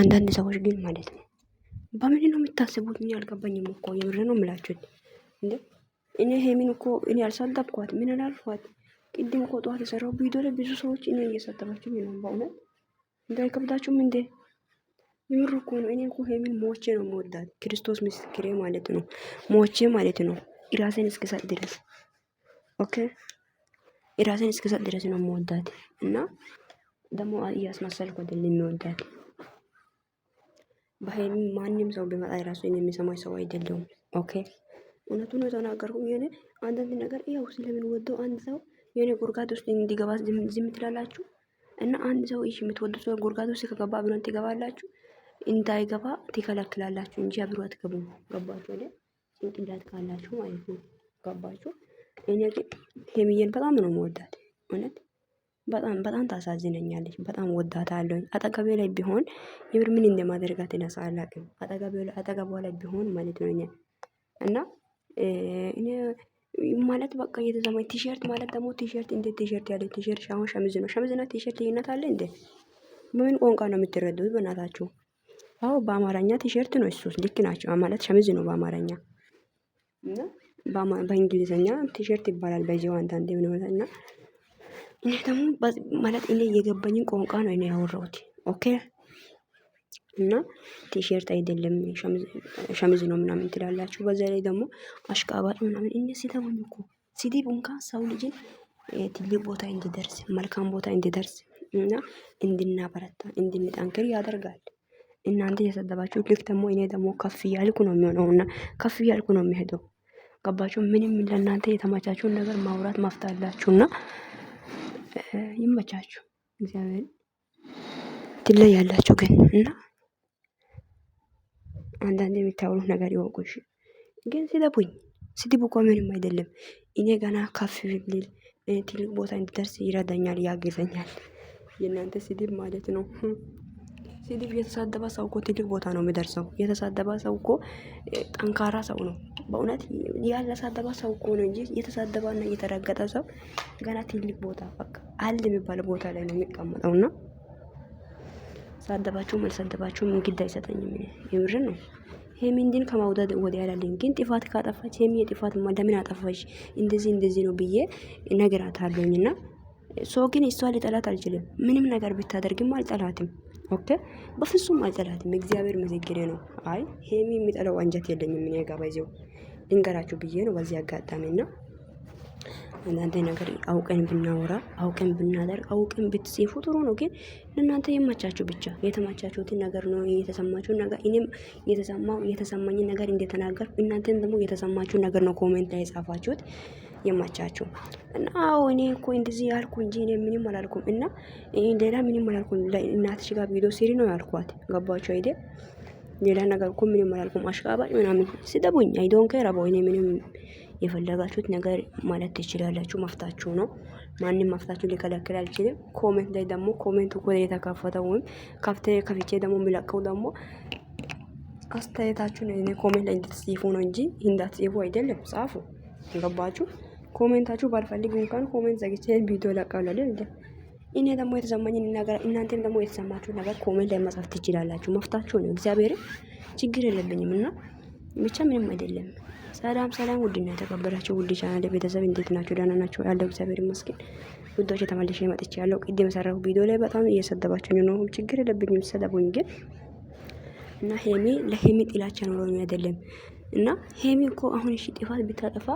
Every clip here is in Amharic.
አንዳንድ ሰዎች ግን ማለት ነው በምን ነው የምታስቡት? እኔ አልገባኝም እኮ የምር ነው የምላችሁት። እንዴ እኔ ሄሚን እኮ እኔ አልሳደብኳት ምን አላልኳት። ቅድም እኮ ጠዋት የሰራው ቪዲዮ ላይ ብዙ ሰዎች እኔ እየሳደባችሁ ነው። በእውነት እንዳይከብዳችሁም እንዴ የምር እኮ ነው። እኔ እኮ ሄሚን ሞቼ ነው የምወዳት። ክርስቶስ ምስክሬ ማለት ነው ሞቼ ማለት ነው ራሴን እስክሰጥ ድረስ ኦኬ፣ ራሴን እስክሰጥ ድረስ ነው የምወዳት እና ደግሞ እያስመሰልኩ አይደለም የሚወዳት በሀይሚ ማንም ሰው ቢመጣ የራሱ የሚሰማኝ ሰው አይደለሁም። ኦኬ ነው የተናገርኩ የሆነ አንዳንድ ነገር ያው ስለምንወደው አንድ ሰው የሆነ ጉርጋት ውስጥ እንዲገባ ዝም ትላላችሁ እና አንድ ሰው ይህ የምትወዱ ሰው ጉርጋት ውስጥ ከገባ ብሎን ትገባላችሁ፣ እንዳይገባ ትከለክላላችሁ እንጂ አብሮ አትገቡ። ገባችሁ ወደ ጭንቅላት ካላችሁ ማለት ነው። ገባችሁ። እኔ ግን ሄሚዬን በጣም ነው መወዳት እውነት በጣም በጣም ታሳዝነኛለች። በጣም አለኝ። አጠገቤ ላይ ቢሆን የምር ምን እንደማደርጋት ይነሳ አላቅም። አጠገቧ ላይ ቢሆን ማለት ነው። እና ማለት በቃ እየተሰማኝ ቲሸርት ማለት ደግሞ ቲሸርት እንዴት ቲሸርት ያለ ቲሸርት አሁን ሸሚዝ ነው ሸሚዝና ቲሸርት ልዩነት አለ እንዴ? በምን ቋንቋ ነው የምትረዱት? በእናታችሁ አዎ በአማርኛ ቲሸርት ነው እሱ ልክ ናቸው ማለት ሸሚዝ ነው በአማርኛ እና በእንግሊዝኛ ቲሸርት ይባላል። በዚህ ዋንታ እንዲሆነ እና እኔ ደግሞ ማለት እኔ የገባኝን ቋንቋ ነው እኔ ያወራሁት። ኦኬ እና ቲሸርት አይደለም ሸሚዝ ነው ምናምን ትላላችሁ። በዛ ላይ ደግሞ አሽቃባጭ ምናምን እኔ ሲተወኝ እኮ ሲዲብ እንኳ ሰው ልጅን ትልቅ ቦታ እንዲደርስ መልካም ቦታ እንዲደርስ እና እንድናበረታ እንድንጠንክር ያደርጋል። እናንተ የሰደባችሁ ልክ ደግሞ እኔ ደግሞ ከፍ እያልኩ ነው የሚሆነው እና ከፍ እያልኩ ነው የሚሄደው። ገባችሁ? ምንም ለእናንተ የተመቻችሁን ነገር ማውራት ማፍታላችሁ እና ይመቻችሁ። እግዚአብሔር ትለያላችሁ ግን እና አንዳንድ የሚታወሩት ነገር ይወቁ። እሺ ግን ስደቡኝ፣ ስድቡ እኮ ምንም አይደለም። እኔ ገና ከፍ ብልል ትልቅ ቦታ እንድደርስ ይረዳኛል፣ ያግዘኛል። የእናንተ ስድብ ማለት ነው። ስድብ የተሳደበ ሰው እኮ ትልቅ ቦታ ነው የሚደርሰው። የተሳደበ ሰው እኮ ጠንካራ ሰው ነው። በእውነት ያላሳደባ ሰው እኮ ነው እንጂ እየተሳደባ እና እየተረገጠ ሰው ገና ትልቅ ቦታ በቃ አለ የሚባል ቦታ ላይ ነው የሚቀመጠው። እና ሳደባችሁም አልሳደባችሁም ግድ አይሰጠኝም። የምር ነው። ሄሚንዲን ከማውጣት ወዲያ አይደለም፣ ግን ጥፋት ካጠፋች ሄሚ የጥፋት ለምን አጠፋች እንደዚህ እንደዚህ ነው ብዬ ነገራት አለኝ። እና ሰው ግን እሷ ሊጠላት አልችልም። ምንም ነገር ብታደርግም አልጠላትም። ኦኬ በፍጹም አልጠላትም። እግዚአብሔር ምስክሬ ነው። አይ ሄሚ የሚጠላው አንጀት የለኝም። ምን ያጋባይዘው ልንገራችሁ ብዬ ነው በዚህ አጋጣሚና እናንተ ነገር አውቀን ብናወራ አውቀን ብናደርግ አውቀን ብትጽፉ ጥሩ ነው። ግን ለእናንተ የማቻችሁ ብቻ የተማቻችሁትን ነገር ነው የተሰማችሁን ነገር እኔም የተሰማው የተሰማኝን ነገር እንደተናገርኩ እናንተም ደግሞ የተሰማችሁን ነገር ነው ኮሜንት ላይ የጻፋችሁት። የማቻቸው እና አዎ እኔ እኮ እንደዚህ ያልኩ እንጂ እኔ ምንም አላልኩም። እና ሌላ ምንም አላልኩም። እናትሽ ጋር ቪዲዮ ሲሪ ነው ያልኳት። ገባችሁ አይደ? ሌላ ነገር እኮ ምንም አላልኩም። አሽቃባጭ ምናምን ስደቡኝ አይዶን ከራ ቦይ እኔ ምንም የፈለጋችሁት ነገር ማለት ትችላላችሁ። መፍታችሁ ነው። ማንም መፍታችሁ ሊከለክል አልችልም። ኮሜንት ላይ ደግሞ ኮሜንት እኮ የተከፈተው ወይም ከፍቴ ከፍቼ ደግሞ የሚለቀው ደግሞ አስተያየታችሁን እኔ ኮሜንት ላይ እንድትጽፉ ነው እንጂ እንዳትጽፉ አይደለም። ጻፉ። ገባችሁ? ኮሜንታችሁ ባልፈልግ እንኳን ኮሜንት ዘግቼ ቪዲዮ ለቃሉ አይደል እንዴ? እኔ ደግሞ የተሰማኝን ነገር እናንተም ደግሞ የተሰማችሁ ነገር ኮሜንት ላይ መጻፍ ትችላላችሁ። መፍታችሁ ነው። እግዚአብሔር ችግር የለብኝም እና ብቻ ምንም አይደለም። ሰላም ሰላም፣ ውድና የተከበራችሁ ውድ ቻናል ቤተሰብ እንዴት ናችሁ? ደህና ናችሁ? ያለው እግዚአብሔር ይመስገን። ውዶች ተመልሼ መጥቼ ያለው ቅድም የሰራሁ ቪዲዮ ላይ በጣም እየሰደባችሁኝ ነው። ችግር የለብኝም፣ ሰደቡኝ ግን እና ሄሜ ለሄሜ ጥላቻ ኖሮኝ አይደለም እና ሄሚ እኮ አሁን እሺ ጥፋት ብታጠፋ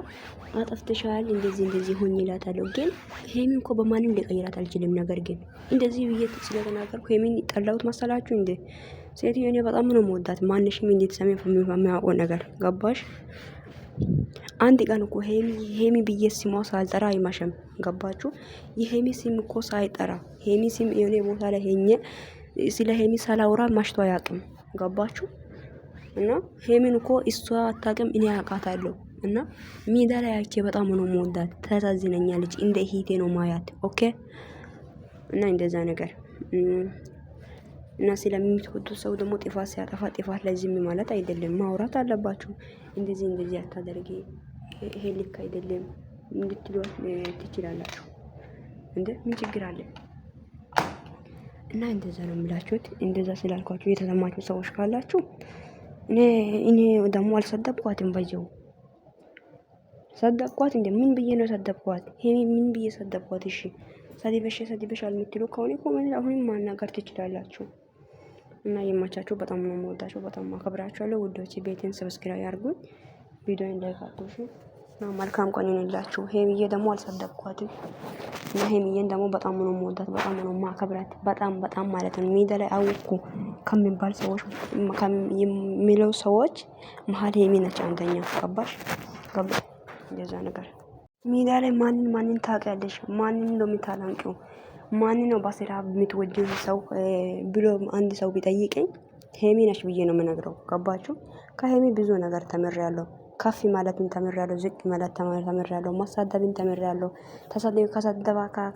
አጠፍተሻል እንደዚህ እንደዚህ ሆኝ ይላታለሁ። ግን ሄሚ እኮ በማንም ሊቀይራት አልችልም። ነገር ግን እንደዚህ ብዬ ስለተናገርኩ ሄሚን ጠላሁት መሰላችሁ እንዴ? ሴት የኔ በጣም ነው የምወዳት። ማንሽም እንድትሰሚ የሚያውቀው ነገር ገባሽ? አንድ ቀን እኮ ሄሚ ሄሚ ብዬ ስሟ ሳልጠራ አይማሸም። ገባችሁ? የሄሚ ስም እኮ ሳይጠራ ሄሚ ስም የሆነ ቦታ ላይ ሄኘ ስለ ሄሚ ሳላውራ ማሽቶ አያውቅም። ገባችሁ? እና ሄሚን እኮ እሷ አታውቅም፣ እኔ አውቃታለሁ። እና ሜዳ ላይ አይቼ በጣም ነው የምወዳት። ተሳዝነኛለች፣ እንደ ሄቴ ነው ማያት። ኦኬ። እና እንደዛ ነገር እና ስለምትወዱ ሰው ደግሞ ጥፋት ሲያጠፋ ጥፋት ለዚህ ማለት አይደለም፣ ማውራት አለባችሁ። እንደዚህ እንደዚህ አታደርጊ፣ ይሄ ልክ አይደለም እንድትሉ ትችላላችሁ። እንደ ምን ችግር አለ? እና እንደዛ ነው የምላችሁት። እንደዛ ስላልኳችሁ የተሰማችሁ ሰዎች ካላችሁ እኔ ደግሞ አልሰደብኳትም። በየው ሰደብኳት እንዴ? ምን ብዬ ነው ሰደብኳት? ይሄ ምን ብዬ ሰደብኳት? እሺ ሰድበሽ ሰድበሻል የምትሉ ከሆነ ኮሜንት አሁንም ማናገር ትችላላችሁ። እና የማቻችሁ በጣም ነው የምወዳችሁ፣ በጣም አከብራችኋለሁ ውዶች። ቤቴን ሰብስክራይብ አድርጉኝ፣ ቪዲዮ እንዳይካቶሽ እና መልካም ቀን ይሁንላችሁ። ሄምዬ ደግሞ አልሰደብኳትም እና ሄምዬን ደግሞ በጣም ነው የምወዳት፣ በጣም ነው የማከብራት፣ በጣም በጣም ማለት ነው። ሜዳ ላይ አውኩ ከሚባል ሰዎች የሚለው ሰዎች መሀል ሀይሚ ነች አንደኛ። ገባሽ ገባ እንደዛ ነገር ሚዲያ ላይ ማንን ማንን ታውቂያለሽ? ማንን ነው የምታላንቂው? ማን ነው በስራ የምትወጂው ሰው ብሎ አንድ ሰው ቢጠይቀኝ ሀይሚ ነች ብዬ ነው የምነግረው። ገባችሁ? ከሀይሚ ብዙ ነገር ተምሬያለሁ። ከፍ ማለትን ተምሬያለሁ፣ ዝቅ ማለት ተምሬያለሁ፣ ማሳደብን ተምሬያለሁ።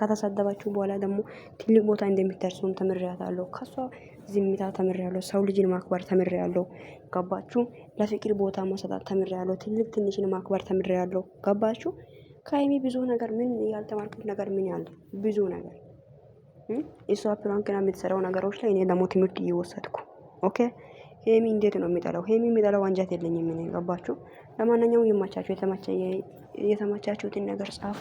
ከተሳደባችሁ በኋላ ደግሞ ትልቅ ቦታ እንደሚደርሱም ተምሬያታለሁ ከሷ ዝምታ ተምሬያለሁ። ሰው ልጅን ማክበር ተምሬያለሁ። ገባችሁ? ለፍቅር ቦታ መሰጣት ተምሬያለሁ። ትልቅ ትንሽን ማክበር ተምሬያለሁ። ገባችሁ? ከሀይሚ ብዙ ነገር ምን ያልተማርኩት ነገር ምን ያለ ብዙ ነገር እሷ ፕራንክና የምትሰራው ነገሮች ላይ እኔ ደግሞ ትምህርት እየወሰድኩ ኦኬ። ሄሚ እንዴት ነው የሚጠላው? ሄሚ የሚጠላው አንጃት የለኝም ምን ገባችሁ? ለማንኛውም ይማቻችሁ። የተመቻችሁትን ነገር ጻፉ።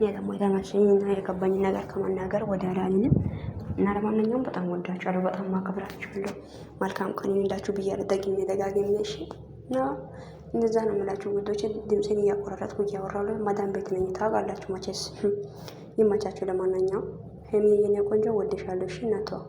እኔ ደግሞ የተመቸኝና የገባኝ ነገር ከመናገር ወደ አላልንም። እና ለማንኛውም በጣም ወዳችኋለሁ፣ በጣም ማከብራችኋለሁ። መልካም ቀን ይሁንላችሁ ብያለሁ ደግሜ ደጋግሜ። እሺ እና እንደዛ ነው የምላችሁ ውዶች። ድምፅን እያቆራረጥኩ እያወራሉ ማዳም ቤት ነኝ ታውቃላችሁ። መቼስ ይመቻችሁ። ለማንኛውም ሄሚ የኔ ቆንጆ ወደሻለሽ እናተዋ